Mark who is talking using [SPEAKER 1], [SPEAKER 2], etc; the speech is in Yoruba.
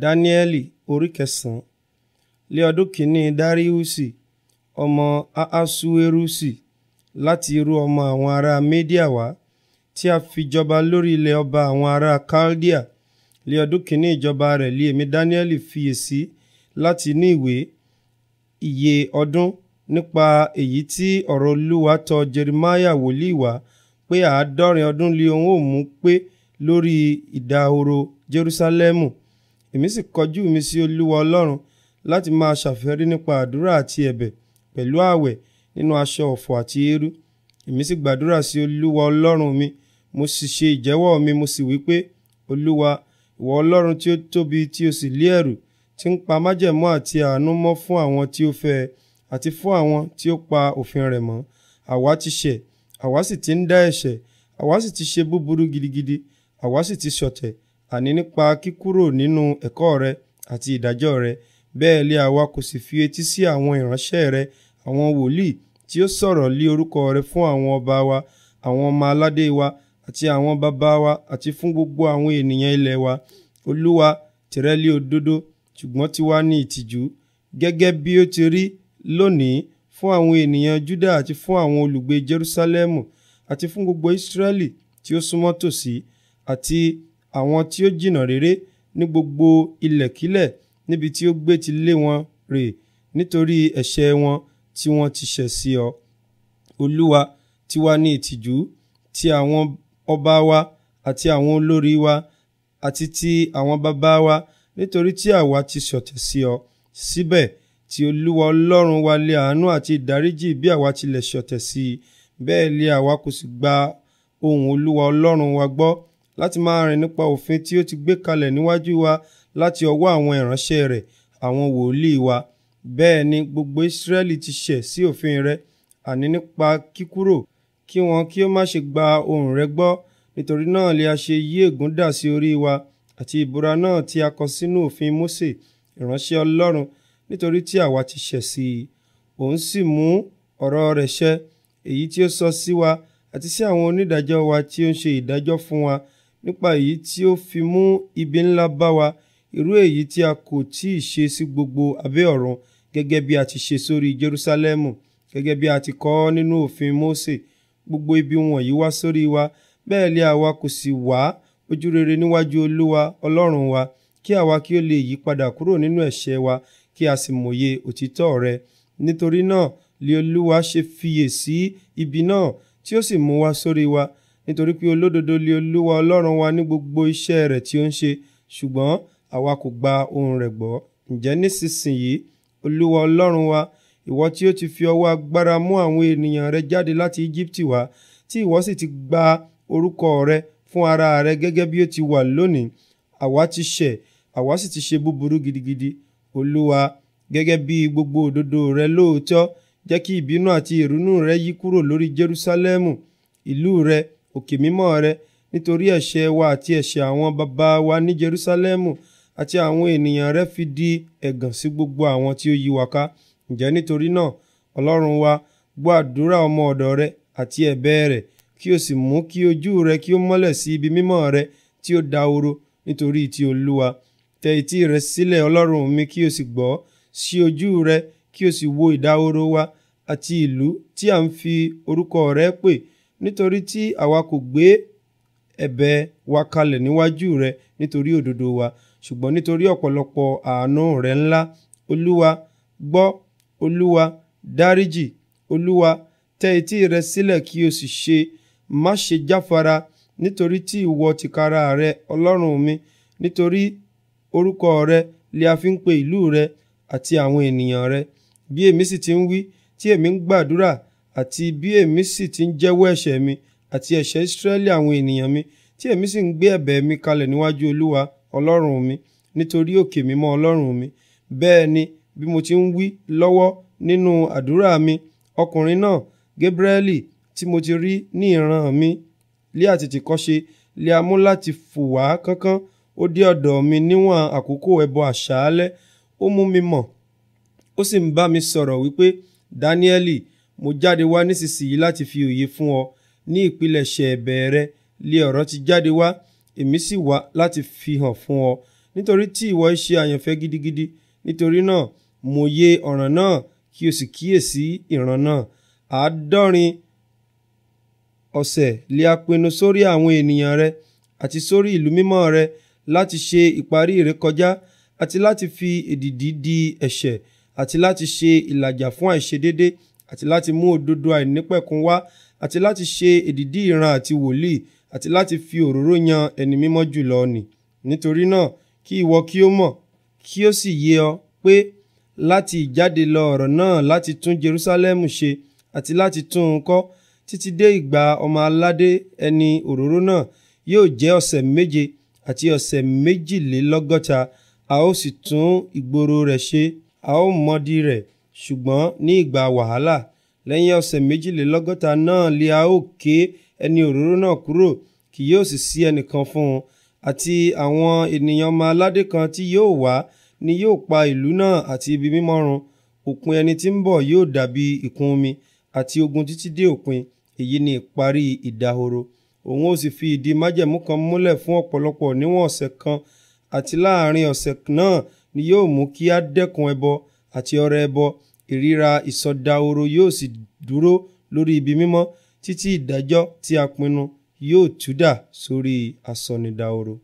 [SPEAKER 1] dáníẹ́lì orí kẹsàn-án lé ọdún kìíní dáríùsì ọmọ ahasuerusi láti irú ọmọ àwọn ará media wá tí a fi jọba lórí ilẹ̀ ọba àwọn ará chaldia lé ọdún kìíní ìjọba rẹ̀ lé èmi dáníẹ́lì fiyèsí láti ní ìwé iye ọdún nípa èyí tí ọ̀rọ̀ olúwa tọ̀ jeremiah wòlíì wá pé àádọ́rin ọdún lé òun ó mú pé lórí ìdahoro jerusalemu èmi sì kọjú mi sí olúwa ọlọ́run láti máa ṣàfẹ́rí nípa àdúrà àti ẹ̀bẹ̀ pẹ̀lú ààwẹ̀ nínú aṣọ ọ̀fọ̀ àti eérú èmi sì gbàdúrà sí olúwa ọlọ́run mi mo sì ṣe ìjẹ́wọ́ mi mo sì wí pé olúwa ìwọ ọlọ́run tí ó tóbi tí o sì lé ẹ̀rù tí ń pa májẹ̀mú àti àánú mọ́ fún àwọn tí ó fẹ́ ẹ àti fún àwọn tí ó pa òfin rẹ̀ mọ́ àwa ti ṣẹ̀ àwa sì ti ń dá ẹ̀ṣẹ̀ àwa sì ti ṣe búburú gidigidi àwa sì ti ṣọ̀tẹ̀ àní nípa kíkúrò nínú ẹ̀kọ́ rẹ àti ìdájọ́ rẹ bẹ́ẹ̀ lé àwa kò sì fi etí sí àwọn ìránṣẹ́ rẹ àwọn wòlíì tí ó sọ̀rọ̀ lé orúkọ rẹ fún àwọn ọba wa àwọn ọmọ aládé wa àti àwọn bàbá wa àti fún gbogbo àwọn ènìyàn ilẹ̀ wa olúwa tìrẹ lé òdodo ṣùgbọ́n tiwa ní ìtìjú gẹ́gẹ́ bí ó ti rí lónìí fún àwọn ènìyàn Júdà àti fún àwọn olùgbé Jerúsálẹ́mù àti fún gbogbo Ísírẹ́lì tí ó súnmọ́ tòsí àti àwọn tí ó jìnnà réré ní gbogbo ilẹ̀kílẹ̀ níbi tí ó gbé ti lé wọn rè nítorí ẹ̀ṣẹ̀ wọn tí wọ́n ti ṣẹ̀ sí ọ. olúwa tiwa ní ìtìjú ti àwọn ọba wa àti àwọn olórí wa àti ti àwọn bàbá wa nítorí tí àwa ti ṣọ̀tẹ̀ sí ọ síbẹ̀ tí olúwa ọlọ́run wa lé àánú àti ìdáríjì bí àwa tilẹ̀ ṣọ̀tẹ̀ sí i bẹ́ẹ̀ lé àwa kò sì gba ohùn olúwa ọlọ́run wa gbọ́ láti máa rìn nípa òfin tí ó ti gbé kalẹ̀ níwájú wa láti ọwọ́ àwọn ìránṣẹ́ rẹ̀ àwọn wòlíì wa bẹ́ẹ̀ ni gbogbo Ísírẹ́lì ti ṣẹ̀ sí òfin rẹ àní nípa kíkúrò kí wọn kí ó má ṣe gba ohùn rẹ gbọ́ nítorí náà lè a ṣe yí ègún dà sí orí wa àti ìbúra náà tí a kọ sínú òfin Mósè ìránṣẹ́ Ọlọ́run nítorí tí àwa ti ṣẹ̀ sí i òun sì mú ọ̀rọ̀ rẹ̀ ṣẹ èyí tí ó sọ sí wa àti sí àwọn onídàájọ́ wa tí ó ń ṣe ìdájọ́ fún wa nípa èyí tí ó fi mú ibi ńlá bá wa irú èyí tí a kò tí ì ṣe sí gbogbo abẹ́ ọ̀run gẹ́gẹ́ bí a ti ṣe sórí Jerúsálẹ́mù gẹ́gẹ́ bí a ti kọ nínú òfin Mósè gbogbo ibi wọ̀nyí wá sórí wa bẹ́ẹ̀ lé àwa kò sì wá ojú rere níwájú Olúwa Ọlọ́run wa kí àwa kí ó lè yí padà kúrò nínú ẹ̀ṣẹ̀ wa kí a sì mòye òtítọ́ rẹ nítorí náà lé Olúwa ṣe fiyè sí ibi náà tí ó sì mú wá sórí wa. Si nítorí pé olódodo li olúwa ọlọ́run wa ní gbogbo iṣẹ́ rẹ̀ tí ó ń ṣe ṣùgbọ́n àwa kò gba ohùn rẹ̀ gbọ́ ǹjẹ́ nísinsìnyí olúwa ọlọ́run wa ìwọ tí ó ti fi ọwọ́ agbára mú àwọn ènìyàn rẹ jáde láti íjíbítì wá tí ìwọ sì ti gba orúkọ rẹ fún ara rẹ gẹ́gẹ́ bí ó ti wà lónìí àwa ti ṣẹ̀ àwa sì ti ṣe búburú gidigidi olúwa gẹ́gẹ́ bí gbogbo òdodo rẹ lóòótọ́ jẹ́ kí ìbínú àti ìrunú rẹ yí kúrò lórí Jerúsálẹ́mù ìlú rẹ òkè mímọ́ rẹ nítorí ẹ̀ṣẹ̀ wa àti ẹ̀ṣẹ̀ àwọn bàbá wa ní Jerúsálẹ́mù àti àwọn ènìyàn rẹ fi di ẹ̀gàn sí gbogbo àwọn tí ó yí wa ká ǹjẹ́ nítorí náà Ọlọ́run wa gbọ́ àdúrà ọmọ ọ̀dọ̀ rẹ àti ẹ̀bẹ̀ rẹ̀ kí o sì mú kí ojú rẹ kí ó mọ́lẹ̀ sí ibi mímọ́ rẹ tí ó dahoro nítorí ti Olúwa tẹ etí rẹ sílẹ̀ Ọlọ́run mi kí o sì gbọ́ sí ojú rẹ kí o sì wo ìdahoro wa àti ìlú tí à ń fi orúkọ rẹ pè nítorí tí àwa kò gbé ẹ̀bẹ̀ wa kalẹ̀ níwájú rẹ nítorí òdodo wa ṣùgbọ́n nítorí ọ̀pọ̀lọpọ̀ àánú rẹ ńlá olúwa gbọ́ olúwa dáríjì olúwa tẹ etí rẹ sílẹ̀ kí o sì ṣe má ṣe jáfara nítorí tí ìwọ tìkára rẹ ọlọ́run mi nítorí orúkọ rẹ lè a fi ń pe ìlú rẹ àti àwọn ènìyàn rẹ bí èmi sì ti ń wí tí èmi ń gbàdúrà àti bí èmi sì ti ń jẹ́wọ́ ẹ̀ṣẹ̀ mi àti ẹ̀ṣẹ̀ Ísírẹ́lì àwọn ènìyàn mi tí èmi sì ń gbé ẹ̀bẹ̀ mi kalẹ̀ níwájú Olúwa Ọlọ́run mi nítorí òkè mímọ́ Ọlọ́run mi bẹ́ẹ̀ ni bí mo ti ń wí lọ́wọ́ nínú àdúrà mi ọkùnrin náà Gébrẹ́lì tí mo ti rí ní ìran mi lé àtètèkọ́ṣe lé a mú láti fò wá kánkán ó dé ọ̀dọ̀ mi níwọ̀n àkókò ẹbọ àṣálẹ́ ó mú mi mọ̀ ó sì ń bá mi sọ̀rọ̀ wípé Dáníẹ́lì mo jáde wá nísinsìnyí láti fi òye fún ọ ní ìpilẹ̀ṣẹ̀ ẹ̀bẹ̀ rẹ lé ọ̀rọ̀ ti jáde wá èmi sì wá láti fi hàn fún ọ nítorí tí ìwọ ṣe àyànfẹ́ gidigidi nítorí náà mo yé ọ̀ràn náà kí o sì kíyèsí ìran náà àádọ́rin ọ̀sẹ̀ lè a pinnu sórí àwọn ènìyàn rẹ àti sórí ìlú mímọ́ rẹ láti ṣe ìparí ìrékọjá àti láti fi èdìdì di ẹ̀ṣẹ̀ àti láti ṣe ìlàjà fún àìṣedéédé àti láti mú òdodo àìnípẹ̀kun wá àti láti ṣe èdìdí ìran àti wòlíì àti láti fi òróró yan ẹni mímọ́ jùlọ nì nítorí náà kí ìwọ kí ó mọ̀ kí ó sì yé ọ pé láti ìjáde lọ ọ̀rọ̀ náà láti tún Jerúsálẹ́mù ṣe àti láti tún un kọ́ títí dé ìgbà ọmọ aládé ẹni òróró náà yóò jẹ́ ọ̀sẹ̀ méje àti ọ̀sẹ̀ méjìlélọ́gọ́ta a ó sì tún ìgboro rẹ̀ ṣe a ó mọ̀dí rẹ̀ ṣùgbọ́n ní ìgbà wàhálà lẹ́yìn ọ̀sẹ̀ méjìlélọ́gọ́ta náà lè a ó ké ẹni òróró náà kúrò kì yóò sì sí ẹnìkan fún un àti àwọn ènìyàn ọmọ aládé kan tí yóò wá ni yóò pa ìlú náà àti ibi mímọ́ run òpin ẹni tí ń bọ̀ yóò dàbí ìkún omi àti ogun títí dé òpin èyí ni ìparí ìdahoro òun ó sì fi ìdí májẹ̀mú kan múlẹ̀ fún ọ̀pọ̀lọpọ̀ níwọ̀n ọ̀sẹ̀ kan àti láàrin ọ̀sẹ̀ náà ni yóò mú kí á dẹ́kun ẹbọ e àti ọrẹ ẹbọ ìríra ìsọdahoro yóò sì dúró lórí ibi mímọ́ títí ìdájọ́ tí a pinnu yóò túdà sórí asọnidahoro.